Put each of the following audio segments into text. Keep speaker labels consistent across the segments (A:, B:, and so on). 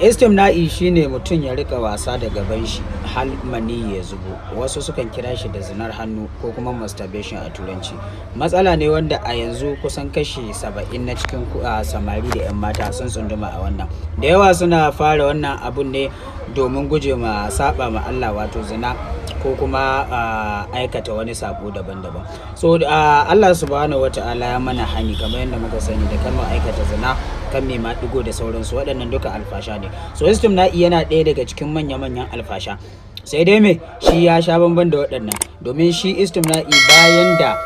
A: shi shine mutum ya rika wasa da gaban shi hal ya zubo wasu sukan kira shi da zinar hannu ko kuma masturbation a turanci matsala ne wanda a yanzu kusan kashi saba'in na cikin samari da 'yan mata sun tsunduma a wannan da yawa suna fara wannan abun ne domin guje ma saba ma Allah wato zina ko kuma aikata wani sabo daban-daban so Allah subhanahu ta'ala ya mana hani kamar yadda muka sani da kalmar aikata zina kan ma maɗigo da sauransu waɗannan duka alfasha ne so iya yana ɗaya daga cikin manya-manyan alfasha sai dai me shi ya sha bamban da waɗannan domin shi istimna'i bayan da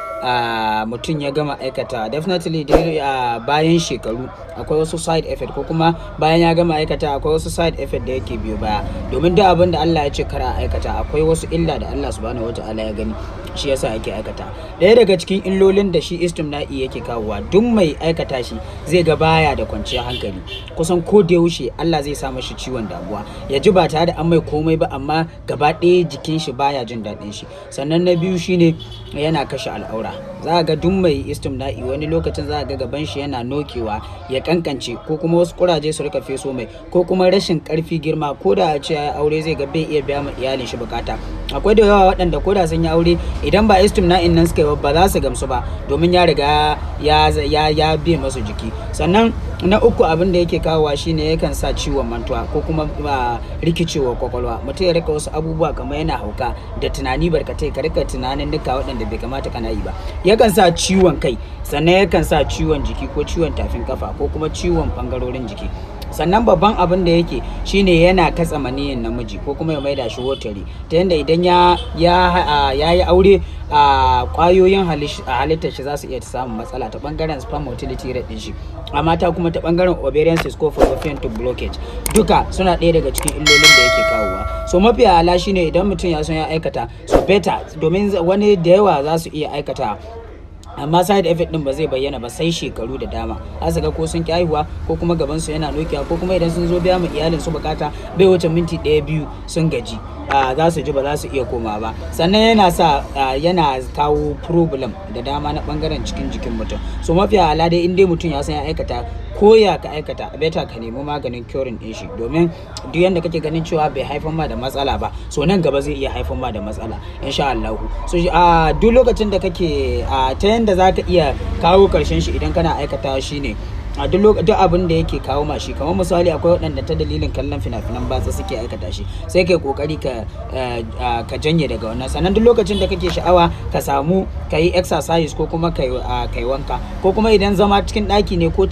A: mutum ya gama aikata definitely a bayan shekaru akwai wasu side effect ko kuma bayan ya gama aikata akwai wasu side effect da yake biyo baya domin duk abin da Allah ya ce kara aikata akwai wasu illa da Allah subhanahu wataala ya gani shi yasa yake aikata ɗaya daga cikin illolin da shi istimna'i yake kawowa duk mai aikata shi zai ga baya da kwanciyar hankali kusan ko da yaushe Allah zai sa mashi ciwon damuwa ya ji ba tare da an mai komai ba amma gaba ɗaya jikin shi baya jin daɗin shi sannan na biyu shine yana kashe al'aura al'amura za ga duk mai istimna'i wani lokacin za a ga gaban shi yana nokewa ya kankance ko kuma wasu kuraje su rika feso mai ko kuma rashin karfi girma ko da a ce aure zai ga bai iya biya ma iyalin shi bukata akwai da yawa waɗanda koda sun yi aure idan ba istim na nan suka yi ba za su gamsu ba domin ya riga ya ya ya masu jiki sannan na uku abin da yake kawowa shine yakan sa ciwon mantuwa ko kuma rikicewa kwakwalwa mutum ya rika wasu abubuwa kamar yana hauka da tunani barkatai ka rika tunanin duka waɗanda bai kamata kana yi ba yakan sa ciwon kai sannan yakan sa ciwon jiki ko ciwon tafin kafa ko kuma ciwon bangarorin jiki sannan babban abin da yake shine yana katsa maniyin namiji ko kuma ya maida shi wotari ta yadda idan ya ya yi aure a kwayoyin halittar shi za su iya samun matsala ta bangaren sperm motility rate din shi a mata kuma ta bangaren ovarian cyst ko fallopian tube blockage duka suna ɗaya daga cikin illolin da yake kawowa so mafi ala shine idan mutum ya son ya aikata so beta domin wani da yawa za su iya aikata amma side effect din ba zai bayyana ba sai shekaru da dama za ga ko sun ki haihuwa ko kuma gaban su yana nokiya ko kuma idan sun zo biya mu iyalin su bukata bai wuce minti ɗaya biyu sun gaji za su ji ba za su iya koma ba sannan yana sa yana kawo problem da dama na bangaren cikin jikin mutum so mafiya ala dai in dai mutum ya san ya aikata ko ya ka aikata beta ka nemi maganin curing din shi domin duk yanda kake ganin cewa bai haifar ma da matsala ba so nan gaba zai iya haifar ma da matsala insha Allah so duk lokacin da kake ta da za ka iya kawo karshen shi idan kana aikata shi ne a duk abin da yake kawo mashi kamar misali akwai waɗanda ta dalilin kallon fina-finan batsa suke aikata shi sai kai kokari eh, ka janye daga wannan sannan duk lokacin da kake sha'awa ka samu ka yi exercise ko kuma kai wanka ko kuma idan zama cikin ɗaki ne ko